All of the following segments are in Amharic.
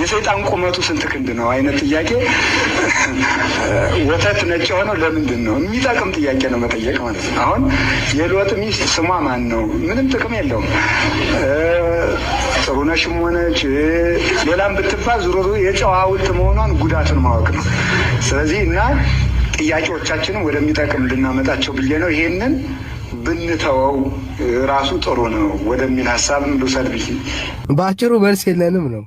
የሰይጣን ቁመቱ ስንት ክንድ ነው አይነት ጥያቄ ወተት ነጭ የሆነው ለምንድን ነው የሚጠቅም ጥያቄ ነው መጠየቅ ማለት ነው። አሁን የሎጥ ሚስት ስሟ ማን ነው? ምንም ጥቅም የለውም። ጥሩነሽም ሆነች ሌላም ብትባል ዙሮ የጨዋ ውልት መሆኗን ጉዳትን ማወቅ ነው። ስለዚህ እና ጥያቄዎቻችንም ወደሚጠቅም ልናመጣቸው ብዬ ነው ይሄንን ብንተወው ራሱ ጥሩ ነው ወደሚል ሀሳብም ልውሰድ ብዬ በአጭሩ መልስ የለንም ነው።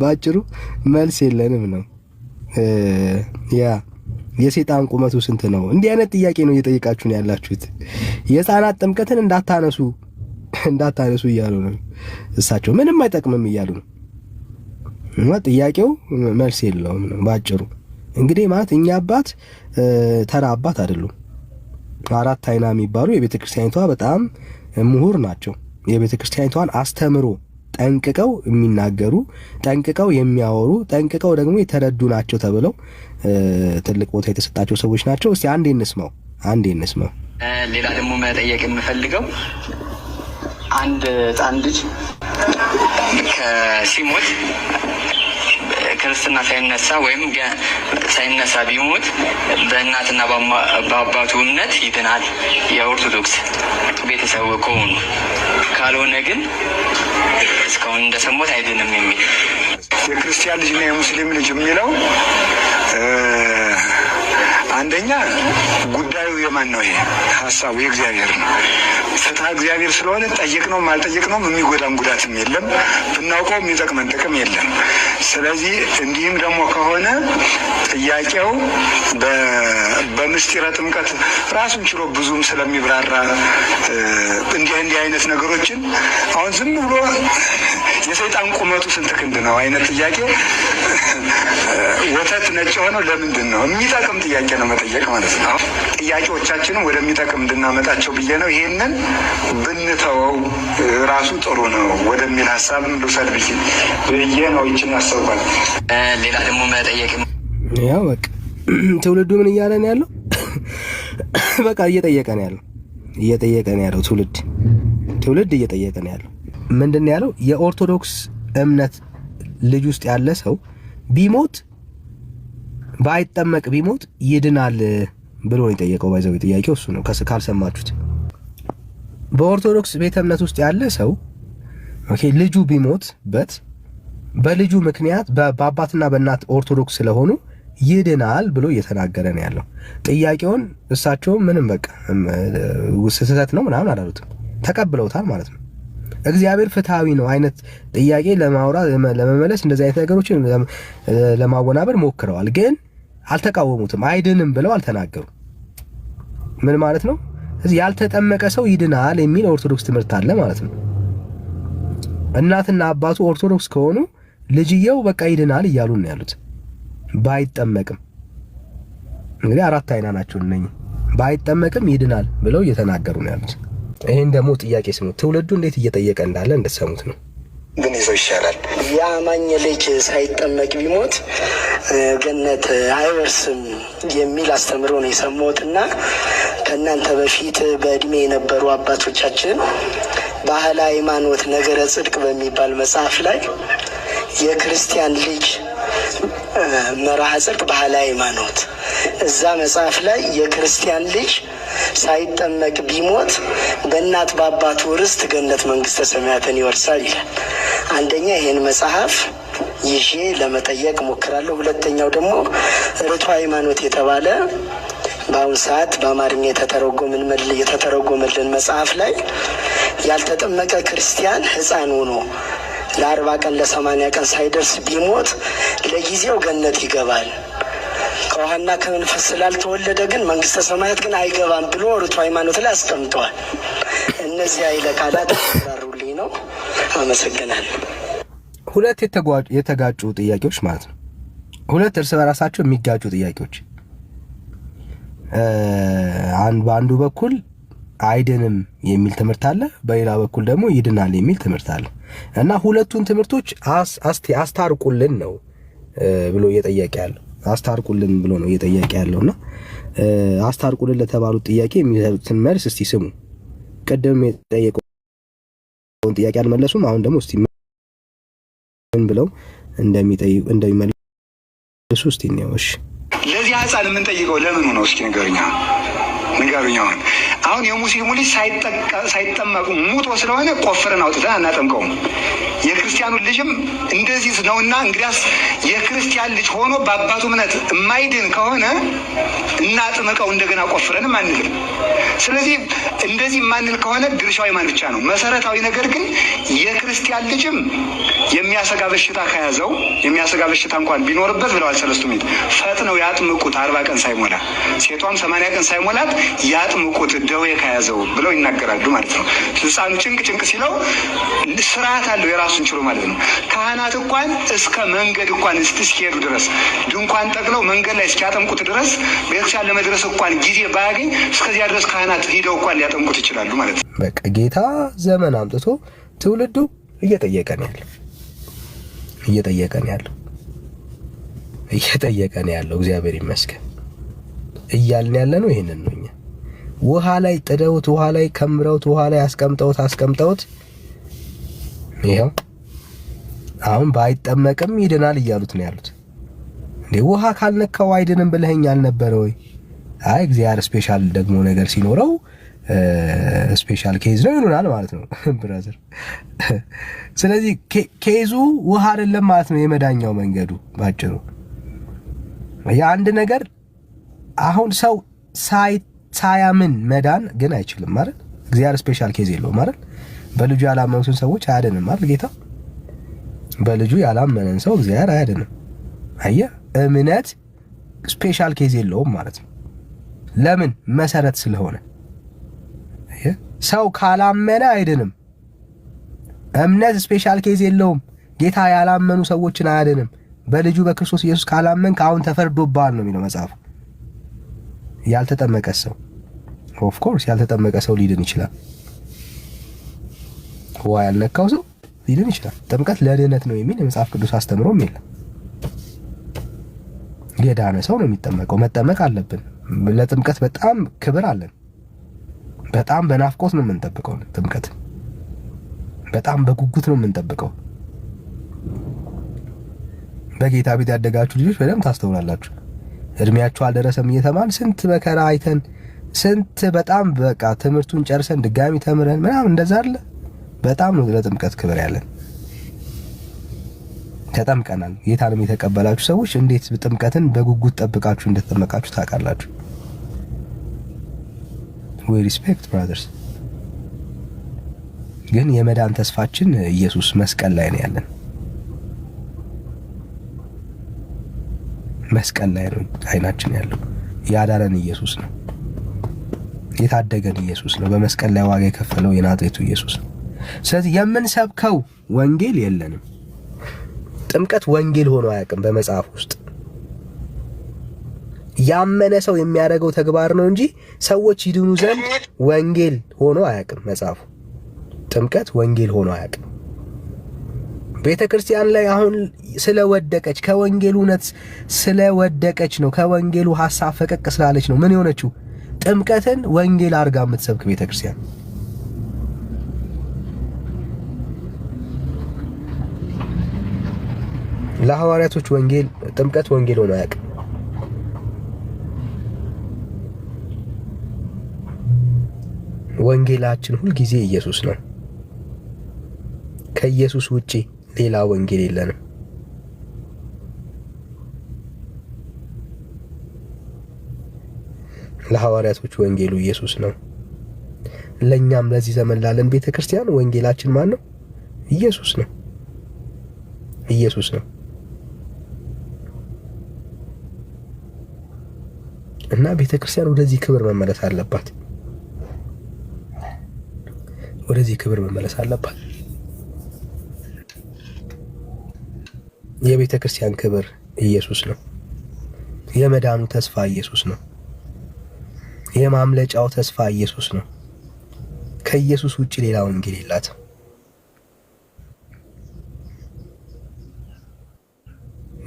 በአጭሩ መልስ የለንም ነው። ያ የሴጣን ቁመቱ ስንት ነው? እንዲህ አይነት ጥያቄ ነው እየጠየቃችሁ ነው ያላችሁት። የህፃናት ጥምቀትን እንዳታነሱ እንዳታነሱ እያሉ ነው እሳቸው። ምንም አይጠቅምም እያሉ ነው። ጥያቄው መልስ የለውም ነው በአጭሩ። እንግዲህ ማለት እኛ አባት ተራ አባት አይደሉም። አራት አይና የሚባሉ የቤተ ክርስቲያኒቷ በጣም ምሁር ናቸው። የቤተ ክርስቲያኒቷን አስተምሮ ጠንቅቀው የሚናገሩ ጠንቅቀው የሚያወሩ ጠንቅቀው ደግሞ የተረዱ ናቸው ተብለው ትልቅ ቦታ የተሰጣቸው ሰዎች ናቸው። እስቲ አንዴ እንስማው፣ አንዴ እንስማው። ሌላ ደግሞ መጠየቅ የምፈልገው አንድ ህፃን ልጅ ሲሞት ክርስትና ሳይነሳ ወይም ሳይነሳ ቢሞት በእናትና በአባቱ እምነት ይድናል። የኦርቶዶክስ ቤተሰብ ከሆኑ ካልሆነ ግን እስካሁን እንደሰሞት አይድንም የሚል የክርስቲያን ልጅና የሙስሊም ልጅ የሚለው አንደኛ ጉዳዩ የማን ነው? ይሄ ሀሳቡ የእግዚአብሔር ነው። ፍትሐ እግዚአብሔር ስለሆነ ጠየቅነውም ነው የሚጎዳን ጉዳትም የለም፣ ብናውቀው የሚጠቅመን ጥቅም የለም። ስለዚህ እንዲህም ደግሞ ከሆነ ጥያቄው በምስጢረ ጥምቀት ራሱን ችሎ ብዙም ስለሚብራራ እንዲህ እንዲህ አይነት ነገሮችን አሁን ዝም ብሎ የሰይጣን ቁመቱ ስንት ክንድ ነው አይነት ጥያቄ ወተት ነጭ የሆነው ለምንድን ነው? የሚጠቅም ጥያቄ ነው መጠየቅ ማለት ነው። ጥያቄዎቻችንም ወደሚጠቅም እንድናመጣቸው ብዬ ነው። ይህንን ብንተወው ራሱ ጥሩ ነው ወደሚል ሀሳብ ልውሰድ ብዬ ነው ይችን ያሰባል። ሌላ ደግሞ መጠየቅ ያው በቃ ትውልዱ ምን እያለ ነው ያለው? በቃ እየጠየቀ ነው ያለው እየጠየቀ ነው ያለው ትውልድ ትውልድ እየጠየቀ ነው ያለው። ምንድን ነው ያለው? የኦርቶዶክስ እምነት ልጅ ውስጥ ያለ ሰው ቢሞት ባይጠመቅ ቢሞት ይድናል ብሎ ነው የጠየቀው። ባይዘው ጥያቄው እሱ ነው፣ ካልሰማችሁት። በኦርቶዶክስ ቤተ እምነት ውስጥ ያለ ሰው ኦኬ፣ ልጁ ቢሞትበት በልጁ ምክንያት በአባትና በእናት ኦርቶዶክስ ስለሆኑ ይድናል ብሎ እየተናገረ ነው ያለው። ጥያቄውን እሳቸው ምንም በቃ ስህተት ነው ምናምን አላሉትም፣ ተቀብለውታል ማለት ነው። እግዚአብሔር ፍትሐዊ ነው አይነት ጥያቄ ለማውራት ለመመለስ እንደዚህ አይነት ነገሮችን ለማወናበር ሞክረዋል ግን አልተቃወሙትም። አይድንም ብለው አልተናገሩም። ምን ማለት ነው? እዚህ ያልተጠመቀ ሰው ይድናል የሚል ኦርቶዶክስ ትምህርት አለ ማለት ነው። እናትና አባቱ ኦርቶዶክስ ከሆኑ ልጅየው በቃ ይድናል እያሉ ነው ያሉት። ባይጠመቅም እንግዲህ አራት አይና ናቸው እነኝ ባይጠመቅም ይድናል ብለው እየተናገሩ ነው ያሉት። ይህን ደግሞ ጥያቄ ስሙ፣ ትውልዱ እንዴት እየጠየቀ እንዳለ እንደሰሙት ነው። ግን ይዘው ይሻላል የአማኝ ልጅ ሳይጠመቅ ቢሞት ገነት አይወርስም የሚል አስተምሮ ነው የሰማሁት እና ከእናንተ በፊት በእድሜ የነበሩ አባቶቻችን ባህል ሃይማኖት ነገረ ጽድቅ በሚባል መጽሐፍ ላይ የክርስቲያን ልጅ መርሃ ጽድቅ ባህል ሃይማኖት እዛ መጽሐፍ ላይ የክርስቲያን ልጅ ሳይጠመቅ ቢሞት በእናት በአባቱ ርስት ገነት መንግስተ ሰማያትን ይወርሳል ይላል። አንደኛ ይህን መጽሐፍ ይዤ ለመጠየቅ ሞክራለሁ። ሁለተኛው ደግሞ ርቱ ሃይማኖት የተባለ በአሁኑ ሰዓት በአማርኛ የተተረጎመልን መጽሐፍ ላይ ያልተጠመቀ ክርስቲያን ሕፃን ሆኖ ለአርባ ቀን ለሰማንያ ቀን ሳይደርስ ቢሞት ለጊዜው ገነት ይገባል ከውሃና ከመንፈስ ስላልተወለደ ግን መንግስተ ሰማያት ግን አይገባም ብሎ ርቱ ሃይማኖት ላይ አስቀምጠዋል። እነዚህ አይለ ቃላት ራሩልኝ ነው። አመሰግናለሁ። ሁለት የተጋጩ ጥያቄዎች ማለት ነው። ሁለት እርስ በራሳቸው የሚጋጩ ጥያቄዎች በአንዱ በኩል አይድንም የሚል ትምህርት አለ፣ በሌላ በኩል ደግሞ ይድናል የሚል ትምህርት አለ እና ሁለቱን ትምህርቶች አስታርቁልን ነው ብሎ እየጠየቀ ያለው አስታርቁልን ብሎ ነው እየጠየቀ ያለው እና አስታርቁልን ለተባሉት ጥያቄ የሚሰጡትን መልስ እስቲ ስሙ። ቅድም የጠየቀውን ጥያቄ አልመለሱም። አሁን ደግሞ እስቲ ብለው እንደሚጠይቁ እንደሚመልሱ እስቲ እንየው። እሺ ለዚህ ህፃን የምንጠይቀው ለምኑ ነው? እስኪ ንገሩኛ ንገሩኛ። አሁን አሁን የሙስሊሙ ልጅ ሳይጠመቅ ሙቶ ስለሆነ ቆፍረን አውጥተን አናጠምቀውም። የክርስቲያኑ ልጅም እንደዚህ ነውና እንግዲያስ የክርስቲያን ልጅ ሆኖ በአባቱ እምነት የማይድን ከሆነ እናጥምቀው እንደገና ቆፍረን አንልም። ስለዚህ እንደዚህ የማንል ከሆነ ድርሻው የማን ብቻ ነው? መሰረታዊ ነገር ግን የክርስቲያን ልጅም የሚያሰጋ በሽታ ከያዘው የሚያሰጋ በሽታ እንኳን ቢኖርበት ብለዋል ሰለስቱ ምዕት ፈጥነው ያጥምቁት፣ አርባ ቀን ሳይሞላ ሴቷም ሰማንያ ቀን ሳይሞላት ያጥምቁት ደዌ ከያዘው ብለው ይናገራሉ ማለት ነው። ህፃኑ ጭንቅ ጭንቅ ሲለው ስርዓት አለው የራሱ ራሱን ችሎ ማለት ነው። ካህናት እንኳን እስከ መንገድ እንኳን እስኪሄዱ ድረስ ድንኳን ጠቅለው መንገድ ላይ እስኪያጠምቁት ድረስ ቤተክርስቲያን ለመድረስ እንኳን ጊዜ ባያገኝ እስከዚያ ድረስ ካህናት ሂደው እንኳን ሊያጠምቁት ይችላሉ ማለት ነው። በቃ ጌታ ዘመን አምጥቶ ትውልዱ እየጠየቀን ያለ እየጠየቀን ያለው እየጠየቀን ያለው እግዚአብሔር ይመስገን እያልን ያለ ነው። ይህንን ነው እኛ ውሃ ላይ ጥደውት ውሃ ላይ ከምረውት ውሃ ላይ አስቀምጠውት አስቀምጠውት ይኸው አሁን ባይጠመቅም ይድናል እያሉት ነው ያሉት። እንዴ ውሃ ካልነካው አይድንም ብለኸኝ አልነበረ ወይ? አይ እግዚአብሔር ስፔሻል ደግሞ ነገር ሲኖረው ስፔሻል ኬዝ ነው ይሉናል ማለት ነው ብራዘር። ስለዚህ ኬዙ ውሃ አይደለም ማለት ነው የመዳኛው መንገዱ ባጭሩ። የአንድ ነገር አሁን ሰው ሳያምን መዳን ግን አይችልም ማለት እግዚአብሔር ስፔሻል ኬዝ የለውም ማለት በልጁ ያላመኑትን ሰዎች አያድንም አይደል ጌታ? በልጁ ያላመነን ሰው እግዚአብሔር አያድንም። አየህ፣ እምነት ስፔሻል ኬዝ የለውም ማለት ነው። ለምን? መሰረት ስለሆነ ሰው ካላመነ አይድንም። እምነት ስፔሻል ኬዝ የለውም። ጌታ ያላመኑ ሰዎችን አያድንም። በልጁ በክርስቶስ ኢየሱስ ካላመን አሁን ተፈርዶብሃል ነው የሚለው መጽሐፉ። ያልተጠመቀ ሰው ኦፍኮርስ ያልተጠመቀ ሰው ሊድን ይችላል። ውሃ ያልነካው ሰው ሊድን ይችላል። ጥምቀት ለድህነት ነው የሚል የመጽሐፍ ቅዱስ አስተምሮም የለም። የዳነ ሰው ነው የሚጠመቀው። መጠመቅ አለብን። ለጥምቀት በጣም ክብር አለን። በጣም በናፍቆት ነው የምንጠብቀው። ጥምቀት በጣም በጉጉት ነው የምንጠብቀው። በጌታ ቤት ያደጋችሁ ልጆች በደንብ ታስተውላላችሁ። እድሜያችሁ አልደረሰም እየተማል ስንት መከራ አይተን ስንት በጣም በቃ ትምህርቱን ጨርሰን ድጋሚ ተምረን ምናምን እንደዛ አለ በጣም ነው ለጥምቀት ክብር ያለን። ተጠምቀናል። ጌታንም የተቀበላችሁ ሰዎች እንዴት ጥምቀትን በጉጉት ጠብቃችሁ እንደተጠመቃችሁ ታውቃላችሁ። ዊ ሪስፔክት ብራዘርስ። ግን የመዳን ተስፋችን ኢየሱስ መስቀል ላይ ነው ያለን። መስቀል ላይ ነው አይናችን ያለው። ያዳረን ኢየሱስ ነው። የታደገን ኢየሱስ ነው። በመስቀል ላይ ዋጋ የከፈለው የናዝሬቱ ኢየሱስ ነው። ስለዚህ የምንሰብከው ወንጌል የለንም። ጥምቀት ወንጌል ሆኖ አያውቅም በመጽሐፍ ውስጥ። ያመነ ሰው የሚያደርገው ተግባር ነው እንጂ ሰዎች ይድኑ ዘንድ ወንጌል ሆኖ አያውቅም መጽሐፉ። ጥምቀት ወንጌል ሆኖ አያውቅም። ቤተ ክርስቲያን ላይ አሁን ስለወደቀች ከወንጌሉ እውነት ስለወደቀች ነው፣ ከወንጌሉ ሀሳብ ፈቀቅ ስላለች ነው ምን የሆነችው ጥምቀትን ወንጌል አድርጋ የምትሰብክ ቤተ ክርስቲያን ለሐዋርያቶች ወንጌል ጥምቀት ወንጌል ሆኖ አያውቅም። ወንጌላችን ሁልጊዜ ኢየሱስ ነው። ከኢየሱስ ውጪ ሌላ ወንጌል የለንም። ለሐዋርያቶች ወንጌሉ ኢየሱስ ነው። ለእኛም ለዚህ ዘመን ላለን ቤተ ክርስቲያን ወንጌላችን ማን ነው? ኢየሱስ ነው። ኢየሱስ ነው። እና ቤተክርስቲያን ወደዚህ ክብር መመለስ አለባት፣ ወደዚህ ክብር መመለስ አለባት። የቤተ ክርስቲያን ክብር ኢየሱስ ነው። የመዳኑ ተስፋ ኢየሱስ ነው። የማምለጫው ተስፋ ኢየሱስ ነው። ከኢየሱስ ውጭ ሌላ ወንጌል የላትም።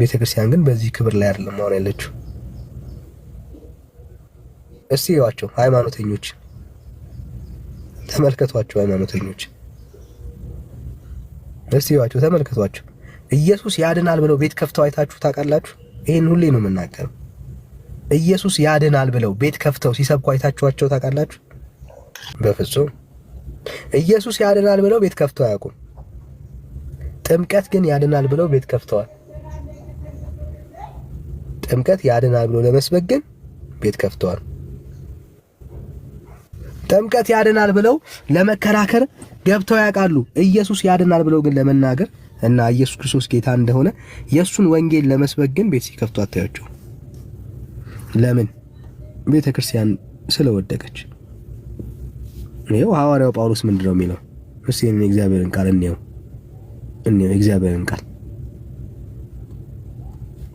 ቤተ ክርስቲያን ግን በዚህ ክብር ላይ አይደለም አሁን ያለችው። እስቲ ይዋቸው ሃይማኖተኞች፣ ተመልከቷቸው። ሃይማኖተኞች እስቲ ይዋቸው ተመልከቷቸው። ኢየሱስ ያድናል ብለው ቤት ከፍተው አይታችሁ ታውቃላችሁ? ይህን ሁሌ ነው የምናገረው። ኢየሱስ ያድናል ብለው ቤት ከፍተው ሲሰብኩ አይታችኋቸው ታውቃላችሁ? በፍጹም ኢየሱስ ያድናል ብለው ቤት ከፍተው አያውቁም። ጥምቀት ግን ያድናል ብለው ቤት ከፍተዋል። ጥምቀት ያድናል ብሎ ለመስበክ ግን ቤት ከፍተዋል። ጥምቀት ያድናል ብለው ለመከራከር ገብተው ያውቃሉ። ኢየሱስ ያድናል ብለው ግን ለመናገር እና ኢየሱስ ክርስቶስ ጌታ እንደሆነ የእሱን ወንጌል ለመስበክ ግን ቤት ሲከፍቱ አታያቸው። ለምን? ቤተ ክርስቲያን ስለወደቀች። ይኸው ሐዋርያው ጳውሎስ ምንድን ነው የሚለው? እስቲ እግዚአብሔርን ቃል እንየው፣ እንየው እግዚአብሔርን ቃል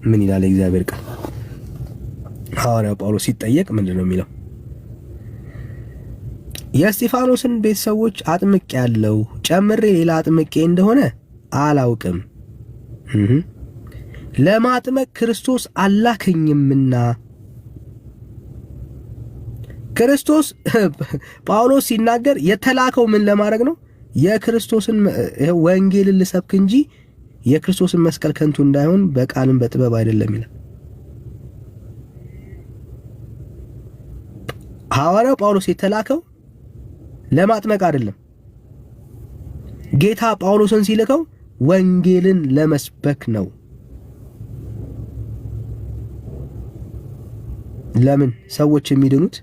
ምን ይላል? እግዚአብሔር ቃል ሐዋርያው ጳውሎስ ሲጠየቅ ምንድን ነው የሚለው? የእስጢፋኖስን ቤተሰቦች አጥምቄ ያለው ጨምሬ ሌላ አጥምቄ እንደሆነ አላውቅም። ለማጥመቅ ክርስቶስ አላከኝምና ክርስቶስ ጳውሎስ ሲናገር የተላከው ምን ለማድረግ ነው? የክርስቶስን ወንጌልን ልሰብክ እንጂ የክርስቶስን መስቀል ከንቱ እንዳይሆን በቃልም በጥበብ አይደለም ይላል። ሐዋርያው ጳውሎስ የተላከው ለማጥመቅ አይደለም። ጌታ ጳውሎስን ሲልከው ወንጌልን ለመስበክ ነው። ለምን ሰዎች የሚድኑት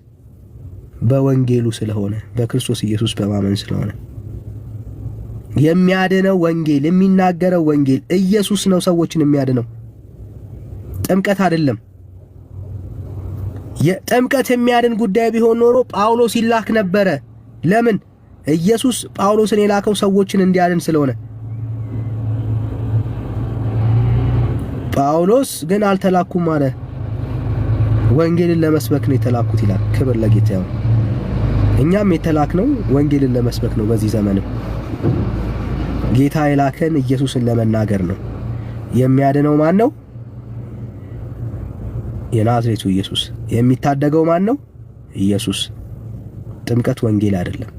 በወንጌሉ ስለሆነ በክርስቶስ ኢየሱስ በማመን ስለሆነ የሚያድነው ወንጌል የሚናገረው ወንጌል ኢየሱስ ነው ሰዎችን የሚያድነው ጥምቀት አይደለም ጥምቀት የሚያድን ጉዳይ ቢሆን ኖሮ ጳውሎስ ይላክ ነበረ ለምን? ኢየሱስ ጳውሎስን የላከው ሰዎችን እንዲያድን ስለሆነ። ጳውሎስ ግን አልተላኩም አለ። ወንጌልን ለመስበክ ነው የተላኩት ይላል። ክብር ለጌታ ይሁን። እኛም የተላክነው ወንጌልን ለመስበክ ነው። በዚህ ዘመንም ጌታ የላከን ኢየሱስን ለመናገር ነው። የሚያድነው ማን ነው? የናዝሬቱ ኢየሱስ። የሚታደገው ማን ነው? ኢየሱስ ጥምቀት ወንጌል አይደለም።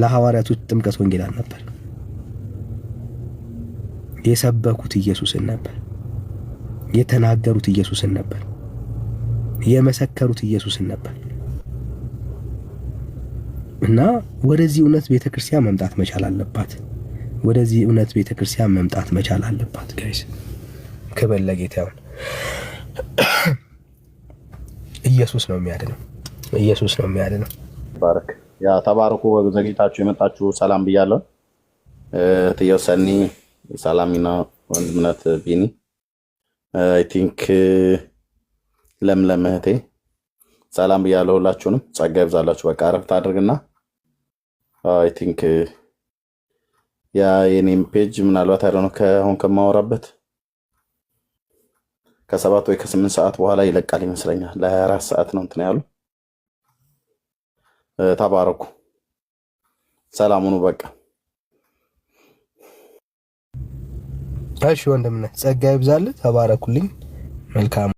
ለሐዋርያቱ ጥምቀት ወንጌል አልነበር። የሰበኩት ኢየሱስን ነበር። የተናገሩት ኢየሱስን ነበር። የመሰከሩት ኢየሱስን ነበር። እና ወደዚህ እውነት ቤተ ክርስቲያን መምጣት መቻል አለባት። ወደዚህ እውነት ቤተ ክርስቲያን መምጣት መቻል አለባት። ጋይስ ክብር ለጌታ ይሁን። ኢየሱስ ነው የሚያድነው። ኢየሱስ ነው ነው። ባረክ ያ ተባረኩ። ዘግይታችሁ የመጣችሁ ሰላም ብያለሁ። እህትየው ሰኒ ሰላሚና ወንድምነት ቢኒ አይ ቲንክ ለምለም እህቴ ሰላም ብያለሁ። ሁላችሁንም ጸጋ ይብዛላችሁ። በቃ እረፍት አድርግና አይ ቲንክ ያ የኔም ፔጅ ምናልባት አይደነ ከአሁን ከማወራበት ከሰባት ወይ ከስምንት ሰዓት በኋላ ይለቃል ይመስለኛል። ለሀያ አራት ሰዓት ነው እንትን ያሉ ተባረኩ። ሰላሙኑ በቃ እሺ ወንድምነ ጸጋ ይብዛልህ። ተባረኩልኝ። መልካም